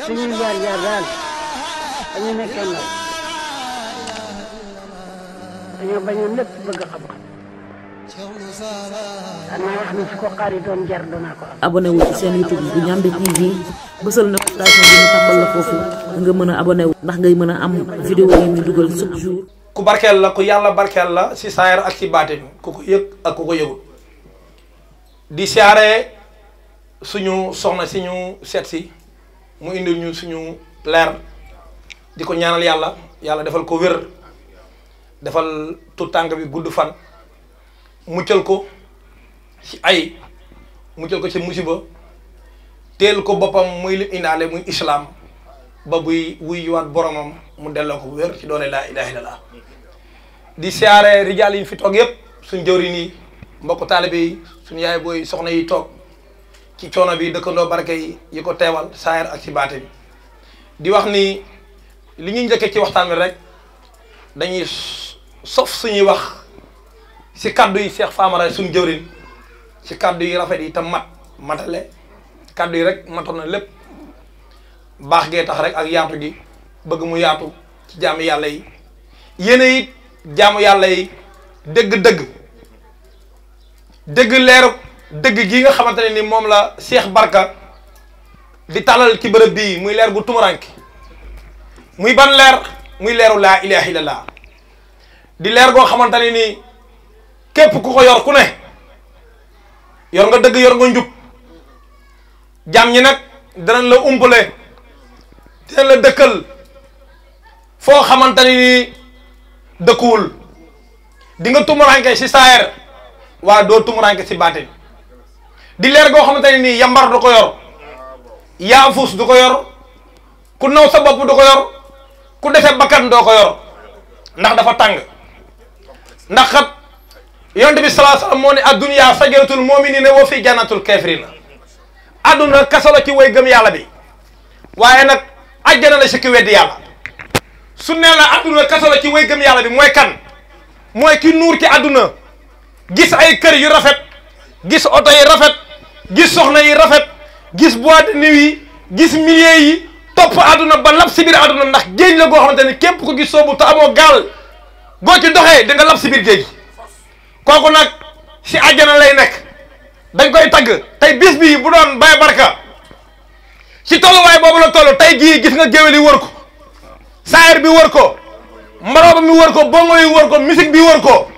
suñu jaar jaar daal dañu nekkee ndaw dañoo bañoon lépp bëgg xam-xam xanaa wax ni su ko xaar yi doon jar doonaa ko am. abonné wu ci seen YouTube bu Ndiamé TV bësal na station bi nga mën a abonné ndax ngay mën a am vidéo yi ñu dugal chaque jour. ku barkeel la ku yàlla barkeel la si saayar ak si baatin ku ko yëg ak ku ko yëgul di siyaare suñu soxna si ñu seet si. mu indil ñu suñu leer di ko ñaanal yàlla yàlla defal ko wér defal tuttànk bi gudd fan muccal ko ci ay muccal ko ci musiba teel ko boppam muy li indaale muy islam ba buy wuy waat boromam mu delloo ko wér ci doone laa ilaha illallah di siyaare rijaal yi fi toog yépp suñ jëwri ni mbokk taalibe yi suñu yaay booy soxna yi toog ci coono bi dëkkandoo barke yi yi ko teewal saayar ak ci bi di wax ni li ñuy njëkkee ci waxtaan bi rek dañuy sof suñuy wax si kaddu yi Cheikh Famara suñu jëwrin ci kaddu yi rafet yi te mat matale kaddu yi rek matoon na lépp baax gee tax rek ak yaatu gi bëgg mu yaatu ci jaamu yàlla yi yéen it jaamu yàlla yi dëgg-dëgg dëgg leeru dëgg gi nga xamante ne ni moom la Cheikh Barka di tàllal ci bërëb bii muy leer bu tumuranke muy ban leer muy leeru laa ilaha illallah di leer goo xamante ne nii képp ku ko yor ku ne yor nga dëgg yor nga njub jàmm ñi nag danañ la umpale dinañ la dëkkal foo xamante ni nii dëkkuwul di nga tumuranke si saayar waa doo tumuranke si baatin di leer goo xamante ne nii yambar du ko yor yaafuus du ko yor ku naw sa bopp du ko yor ku dese bakkan doo ko yor ndax dafa tàng ndax xat yonent bi salaa salaam moo ne adduniyaa sajaratul mu'minina wa fi jannatul kafirina adduna kaso la ci way gëm yàlla bi waaye nag ajjana la si ki weddi yàlla su ne la adduna kaso la ci way gëm yàlla bi mooy kan mooy ki nuur ci adduna gis ay kër yu rafet gis oto yi rafet gis soxna yi rafet gis bois de nuit gis milliers yi top aduna ba lab sibir aduna ndax geej la go xamanteni kep ko gis sobu ta amo gal go ci doxé de nga lab si geej koku nak ci si lay nek dañ koy tag tay bis bi bu don Baye Barka ci way bobu la tolo tay gi gis nga geweli wor ko bi wor ko mi wor ko bongo yi wor ko musique bi wor ko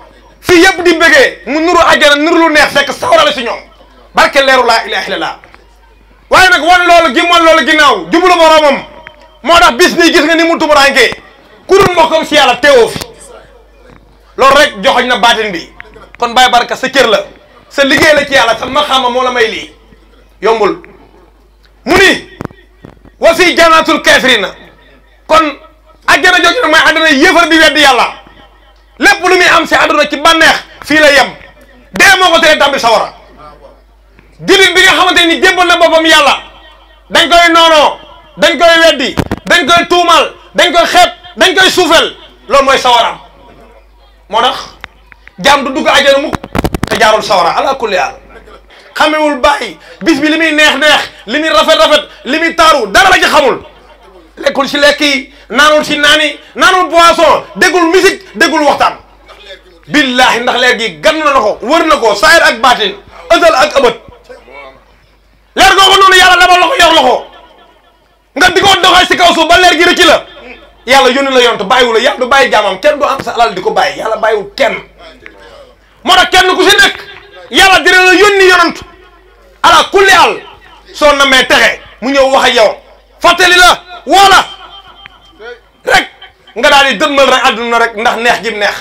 fi yeb di bëggee mu nuru aljana nuru lu neex fek sawra la si ñom barke leeru laa ilaaha illallaah waaye nag wan loolu gimmal loolu ginnaaw jublu moroomam moo tax bis nii gis nga ni mu tumuraanke ku dul mbokkam si yàlla teewoo fi loolu rek joxoñ na baatin bi kon Baye Barka sa cër la sa liggéey la ci yàlla sa maxaama moo la may lii yombul mu ni wasi jannatul kaafiriina kon àjjana jooju mooy àdduna yëfar bi weddi yàlla lépp lu am si àdduna ci bànneex fii la yem dee moo ko teree tàbbi sawara jullit bi nga xamante ni jébbal na boppam yàlla dañ koy noonoo dañ koy weddi dañ koy tuumal dañ koy xeeb dañ koy suufel loolu mooy sawaram moo tax du dugg ajana mukk te jaarul sawara ala kulli haal xamewul bàyyi bis bi li muy neex-neex li rafet-rafet limi taru taaru dara la ci xamul lekkul si lekk yi naanul si naani naanul poisson déggul musique degul waxtaan billaahi ndax leer gi gan na ko wër na ko saayir ak baatin ësal ak ëbët ko ba leer gi ji la yàlla yónni la yont bàyyiwu la yàlla du bàyyi jaamam kenn du am sa alal di ko bàyyi yàlla bàyyiwul kenn moo tax kenn ku si nekk yàlla dina la yónni yonant ala kulli al soo namee texe mu ñëw wax ak yow fàttali la woo la rek nga daal di dënmal rek àdduna rek ndax neex gi neex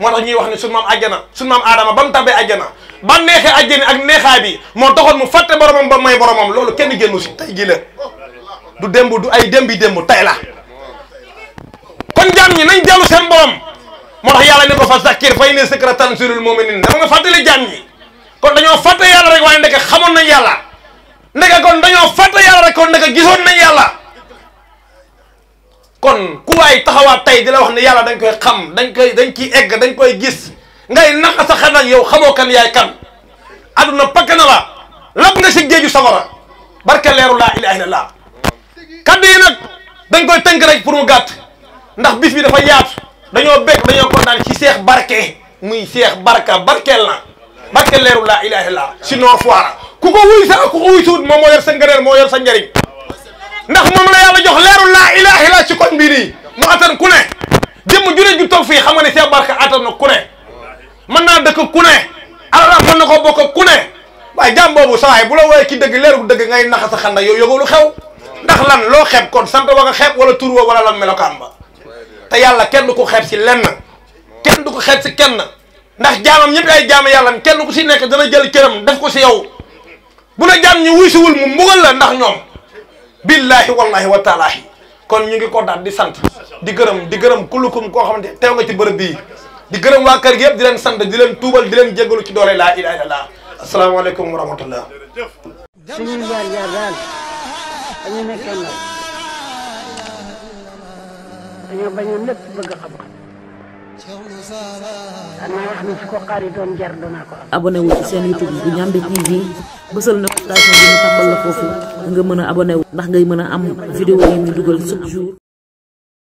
moo tax ñuy wax ne sunu maam àjjana sunu maam aadama ba mu tàbbee àjjana ba neexee àjjani ak neexaay bi moo taxoon mu fàtte boromam ba may boromam loolu kenn génnu si du démb du ay démbi démb tay la kon jaam ñi nañ dellu seen borom moo tax yàlla ne ko fa zakkir fa inna zikraa tanfa'ul mu'miniin dama nga fàttali jaam ñi kon dañoo fàtte yàlla rek waaye xamoon nañ yàlla ndeke kon dañoo fàtte yàlla rek kon ndeke gisoon nañ ku waay taxawaat tey di wax ne yàlla dañ koy xam dañ koy dañ ciy egg dañ koy gis ngay naqa sa xel ak yow xamoo kan yaay kan aduna pakk na la lab nga si géeju safara barke leeru laa ilaaha illallaah kaddu yi nag dañ koy tënk rek pour mu gàtt ndax bis bi dafa yaatu dañoo bég dañoo kontaan ci seex barke muy seex barka barkeel na barkeel leeru laa ilaaha illa sinon foira ku ko wuy sa ku ko wuy suut moom moo yor sa ngëneel moo yor sa njëriñ ndax moom la yàlla jox leeru laa ilaaha illa ci koñ bii nii mu attan ku ne jëmm jure ju toog fii xam nga ne seex barka attan na ku ne mën naa dëkk ku ne alal mën na ko bokk ku ne waaye jàmm boobu saa yi bu la wooyee ki dëgg leeru dëgg ngay naxa sa xanda yow yogolu xew ndax lan loo xeeb kon sant wa nga xeeb wala tur wa wala lan melokaan ba te yàlla kenn du ko xeeb si lenn kenn du ko xeeb si kenn ndax jaamam ñëpp ay jaam yàlla kenn ku si nekk dana jël këram def ko si yow bu la jaam ñu wuy siwul mu mbugal la ndax ñoom billaahi wallaahi wa taalaahi kon ñu ngi ko daal di sant di gërëm di gërëm kullukum koo xamante teew nga ci bërëb bii di gërëm waa kër gi yëpp di leen sant di leen tuubal di leen jégalu ci doole laa ilaaha illallaah asalaamaaleykum wa rahmatullah suñu jaar jaar dañoo nekkee ndaw bëgg xam-xam danaa wax ni ko xaar yi doon jar danaa ko am. abonné wu ci seen bu Ndiamé TV bësal notification bi ñu tàmbal nga mën a abonné ndax ngay mën a am vidéo yi ñu dugal chaque jour.